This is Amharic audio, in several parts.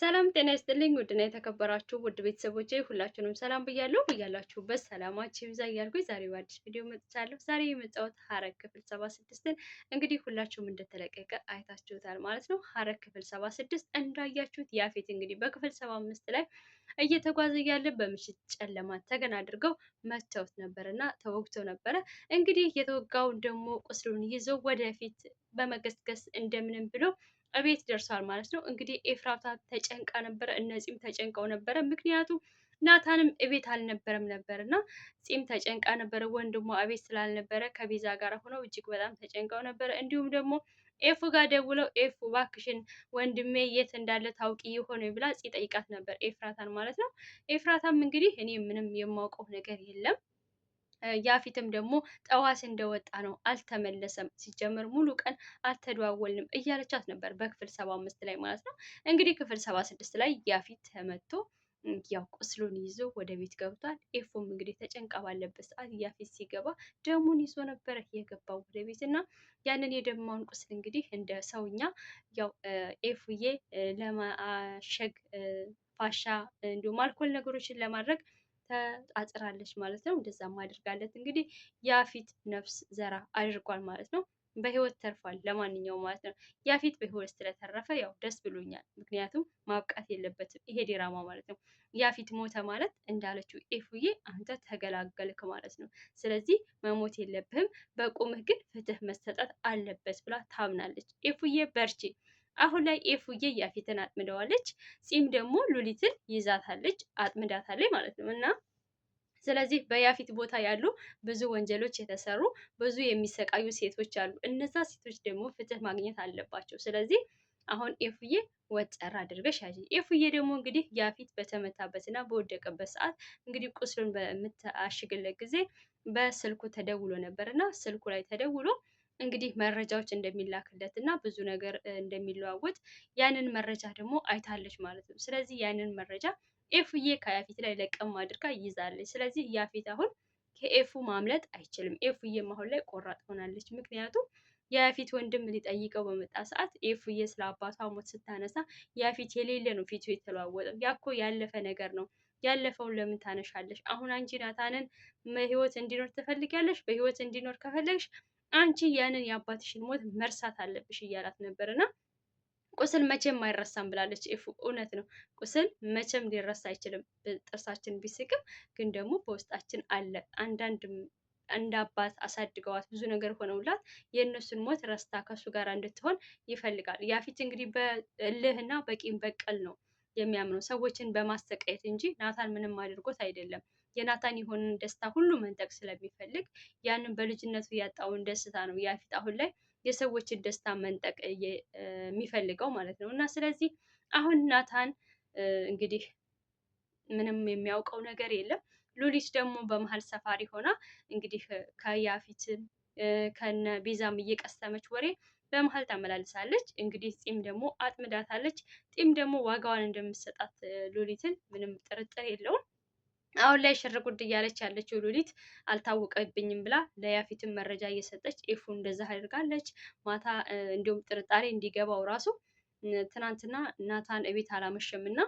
ሰላም ጤና ይስጥልኝ። ውድና የተከበራችሁ ውድ ቤተሰቦቼ ሁላችሁንም ሰላም ብያለሁ። እያላችሁበት ሰላማችሁ ይብዛ እያልኩኝ ዛሬ በአዲስ ቪዲዮ መጥቻለሁ። ዛሬ የመጣሁት ሐረግ ክፍል ሰባ ስድስትን እንግዲህ ሁላችሁም እንደተለቀቀ አይታችሁታል ማለት ነው። ሐረግ ክፍል ሰባ ስድስት እንዳያችሁት ያፌት እንግዲህ በክፍል ሰባ አምስት ላይ እየተጓዘ እያለ በምሽት ጨለማ ተገን አድርገው መተውት ነበር እና ተወግተው ነበረ። እንግዲህ የተወጋውን ደግሞ ቁስሉን ይዘው ወደፊት በመገስገስ እንደምንም ብሎ እቤት ደርሷል ማለት ነው። እንግዲህ ኤፍራታ ተጨንቃ ነበረ፣ እነፂም ተጨንቀው ነበረ። ምክንያቱም ናታንም እቤት አልነበረም ነበር እና ፂም ተጨንቃ ነበረ። ወንድሟ እቤት ስላልነበረ ከቤዛ ጋር ሆነው እጅግ በጣም ተጨንቀው ነበረ። እንዲሁም ደግሞ ኤፉ ጋር ደውለው ኤፉ እባክሽን ወንድሜ የት እንዳለ ታውቂ የሆነ ብላ ፂ ጠይቃት ነበር ኤፍራታን ማለት ነው። ኤፍራታም እንግዲህ እኔ ምንም የማውቀው ነገር የለም ያፊትም ደግሞ ጠዋት እንደወጣ ነው አልተመለሰም። ሲጀምር ሙሉ ቀን አልተደዋወልንም እያለቻት ነበር በክፍል ሰባ አምስት ላይ ማለት ነው። እንግዲህ ክፍል ሰባ ስድስት ላይ ያፊት ተመቶ ያው ቁስሉን ይዞ ወደ ቤት ገብቷል። ኤፎም እንግዲህ ተጨንቃ ባለበት ሰዓት ያፊት ሲገባ ደሙን ይዞ ነበረ የገባው ወደ ቤት እና ያንን የደማውን ቁስል እንግዲህ እንደ ሰውኛ ያው ኤፉዬ ለማሸግ ፋሻ እንዲሁም አልኮል ነገሮችን ለማድረግ ተጣጥራለች ማለት ነው። እንደዛም አድርጋለት እንግዲህ ያፊት ነፍስ ዘራ አድርጓል ማለት ነው። በህይወት ተርፏል ለማንኛውም ማለት ነው። ያፊት በህይወት ስለተረፈ ያው ደስ ብሎኛል። ምክንያቱም ማብቃት የለበትም ይሄ ዲራማ ማለት ነው። ያፊት ሞተ ማለት እንዳለችው ኤፉዬ አንተ ተገላገልክ ማለት ነው። ስለዚህ መሞት የለብህም በቁምህ ግን ፍትህ መሰጠት አለበት ብላ ታምናለች። ኤፉዬ በርቺ አሁን ላይ ኤፉዬ ያፌትን አጥምደዋለች፣ ፂም ደግሞ ሉሊትን ይዛታለች አጥምዳታለች ማለት ነው እና ስለዚህ በያፌት ቦታ ያሉ ብዙ ወንጀሎች የተሰሩ ብዙ የሚሰቃዩ ሴቶች አሉ። እነዛ ሴቶች ደግሞ ፍትህ ማግኘት አለባቸው። ስለዚህ አሁን ኤፉዬ ወጠራ አድርገሽ ያዥ። ኤፉዬ ደግሞ እንግዲህ ያፌት በተመታበትና በወደቀበት ሰዓት እንግዲህ ቁስሉን በምታሽግለት ጊዜ በስልኩ ተደውሎ ነበር እና ስልኩ ላይ ተደውሎ እንግዲህ መረጃዎች እንደሚላክለት እና ብዙ ነገር እንደሚለዋወጥ ያንን መረጃ ደግሞ አይታለች ማለት ነው። ስለዚህ ያንን መረጃ ኤፉዬ ከያፌት ላይ ለቀም አድርጋ ይዛለች። ስለዚህ ያፌት አሁን ከኤፉ ማምለጥ አይችልም። ኤፉዬም አሁን ላይ ቆራጥ ሆናለች። ምክንያቱም የፊት ወንድም ሊጠይቀው በመጣ ሰዓት ኤፉዬ ስለ አባቷ ሞት ስታነሳ ያፊት የሌለ ነው ፊቱ የተለዋወጠው። ያኮ ያለፈ ነገር ነው። ያለፈውን ለምን ታነሻለሽ? አሁን አንቺ ናታንን ህይወት እንዲኖር ትፈልጊያለሽ። በህይወት እንዲኖር ከፈለግሽ አንቺ ያንን የአባትሽን ሞት መርሳት አለብሽ እያላት ነበር ቁስል መቼም አይረሳም ብላለች። ኤፉ እውነት ነው፣ ቁስል መቼም ሊረሳ አይችልም። ጥርሳችን ቢስቅም ግን ደግሞ በውስጣችን አለ። አንዳንድ እንደ አባት አሳድገዋት ብዙ ነገር ሆነውላት የእነሱን ሞት ረስታ ከእሱ ጋር እንድትሆን ይፈልጋል። ያፊት እንግዲህ በእልህና በቂም በቀል ነው የሚያምነው ሰዎችን በማሰቃየት እንጂ ናታን ምንም አድርጎት አይደለም። የናታን የሆንን ደስታ ሁሉ መንጠቅ ስለሚፈልግ ያንን በልጅነቱ ያጣውን ደስታ ነው ያፊት አሁን ላይ የሰዎችን ደስታ መንጠቅ የሚፈልገው ማለት ነው። እና ስለዚህ አሁን ናታን እንግዲህ ምንም የሚያውቀው ነገር የለም። ሉሊት ደግሞ በመሀል ሰፋሪ ሆና እንግዲህ ከያፊት ከነ ቤዛም እየቀሰመች ወሬ በመሀል ታመላልሳለች። እንግዲህ ጢም ደግሞ አጥምዳታለች። ጢም ደግሞ ዋጋዋን እንደምትሰጣት ሉሊትን ምንም ጥርጥር የለውም። አሁን ላይ ሽር ጉድ እያለች ያለችው ሉሊት አልታወቀብኝም ብላ ለያፊትን መረጃ እየሰጠች ኤፉ እንደዛ አድርጋለች። ማታ እንዲሁም ጥርጣሬ እንዲገባው ራሱ ትናንትና ናታን እቤት አላመሸም እና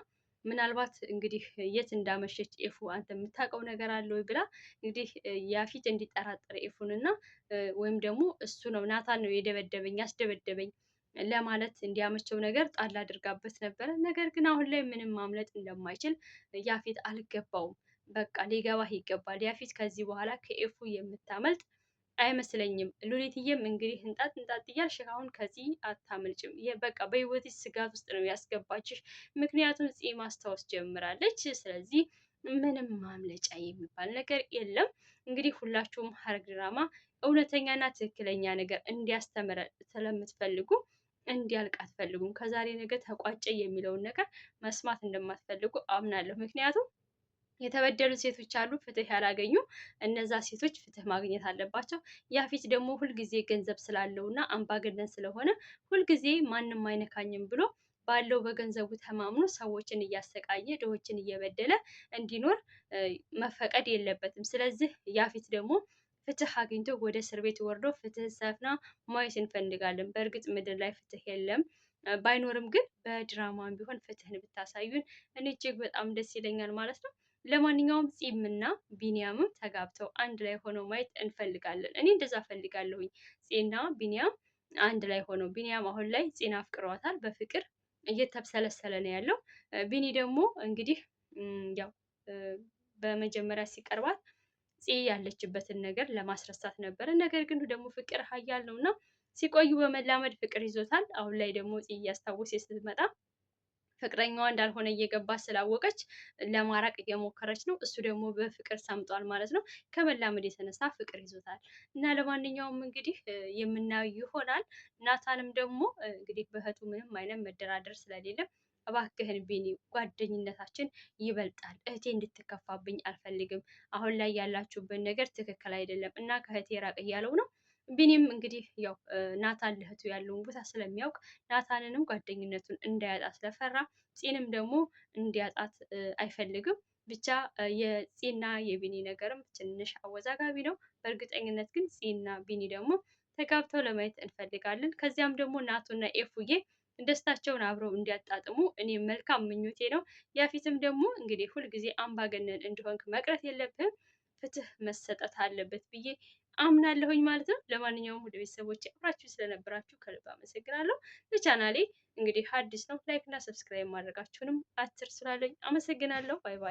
ምናልባት እንግዲህ የት እንዳመሸች ኤፉ አንተ የምታውቀው ነገር አለ ወይ ብላ እንግዲህ ያፊት እንዲጠራጠር ኤፉን እና ወይም ደግሞ እሱ ነው ናታን ነው የደበደበኝ ያስደበደበኝ ለማለት እንዲያመቸው ነገር ጣል አድርጋበት ነበረ። ነገር ግን አሁን ላይ ምንም ማምለጥ እንደማይችል ያፊት አልገባውም። በቃ ሊገባህ ይገባል። ያፊት ከዚህ በኋላ ከኤፉ የምታመልጥ አይመስለኝም። ሉሊትዬም እንግዲህ እንጣት እንጣት እያልሽ አሁን ከዚህ አታመልጭም። በቃ በህይወትሽ ስጋት ውስጥ ነው ያስገባችሽ። ምክንያቱም ፂ ማስታወስ ጀምራለች። ስለዚህ ምንም ማምለጫ የሚባል ነገር የለም። እንግዲህ ሁላችሁም ሐረግ ድራማ እውነተኛና ትክክለኛ ነገር እንዲያስተምረ ስለምትፈልጉ እንዲያልቅ አትፈልጉም። ከዛሬ ነገር ተቋጨ የሚለውን ነገር መስማት እንደማትፈልጉ አምናለሁ። ምክንያቱም የተበደሉ ሴቶች አሉ፣ ፍትህ ያላገኙ። እነዛ ሴቶች ፍትህ ማግኘት አለባቸው። ያፊት ደግሞ ሁልጊዜ ገንዘብ ስላለውና አምባገነን ስለሆነ ሁልጊዜ ማንም አይነካኝም ብሎ ባለው በገንዘቡ ተማምኖ ሰዎችን እያሰቃየ ድሆችን እየበደለ እንዲኖር መፈቀድ የለበትም። ስለዚህ ያፊት ደግሞ ፍትህ አግኝቶ ወደ እስር ቤት ወርዶ ፍትህ ሰፍና ማየት እንፈልጋለን። በእርግጥ ምድር ላይ ፍትህ የለም ባይኖርም ግን በድራማም ቢሆን ፍትህን ብታሳዩን እኔ እጅግ በጣም ደስ ይለኛል ማለት ነው። ለማንኛውም እና ቢኒያምም ተጋብተው አንድ ላይ ሆነው ማየት እንፈልጋለን። እኔ እንደዛ ፈልጋለሁኝ። ጺና ቢኒያም አንድ ላይ ሆነው ቢኒያም አሁን ላይ ጺን አፍቅሯታል። በፍቅር እየተብሰለሰለ ነው ያለው። ቢኒ ደግሞ እንግዲህ ያው በመጀመሪያ ሲቀርባት ፂ ያለችበትን ነገር ለማስረሳት ነበረ። ነገር ግን ደግሞ ፍቅር ኃያል ነው እና ሲቆዩ በመላመድ ፍቅር ይዞታል። አሁን ላይ ደግሞ ፂ እያስታወሰ ስትመጣ ፍቅረኛዋ እንዳልሆነ እየገባች ስላወቀች ለማራቅ እየሞከረች ነው። እሱ ደግሞ በፍቅር ሰምጧል ማለት ነው። ከመላመድ የተነሳ ፍቅር ይዞታል እና ለማንኛውም እንግዲህ የምናየው ይሆናል። ናታንም ደግሞ እንግዲህ በእህቱ ምንም አይነት መደራደር ስለሌለም እባክህን ቢኒ ጓደኝነታችን ይበልጣል። እህቴ እንድትከፋብኝ አልፈልግም። አሁን ላይ ያላችሁበት ነገር ትክክል አይደለም እና ከእህቴ ራቅ እያለው ነው ቢኒም እንግዲህ ያው ናታን ልህቱ ያለውን ቦታ ስለሚያውቅ ናታንንም ጓደኝነቱን እንዳያጣ ስለፈራ ፂንም ደግሞ እንዲያጣት አይፈልግም። ብቻ የፂና የቢኒ ነገርም ትንሽ አወዛጋቢ ነው። በእርግጠኝነት ግን ፂና ቢኒ ደግሞ ተጋብተው ለማየት እንፈልጋለን። ከዚያም ደግሞ ናቱና ኤፉዬ ደስታቸውን አብረው እንዲያጣጥሙ እኔ መልካም ምኞቴ ነው። ያፊትም ደግሞ እንግዲህ ሁልጊዜ አምባገነን እንደሆንክ መቅረት የለብህም ፍትህ መሰጠት አለበት ብዬ አምናለሁኝ ማለት ነው። ለማንኛውም ወደ ቤተሰቦች አብራችሁ ስለነበራችሁ ከልብ አመሰግናለሁ። ለቻናሌ እንግዲህ አዲስ ነው ላይክ እና ሰብስክራይብ ማድረጋችሁንም አትርሱ። አመሰግናለሁ። ባይ ባይ።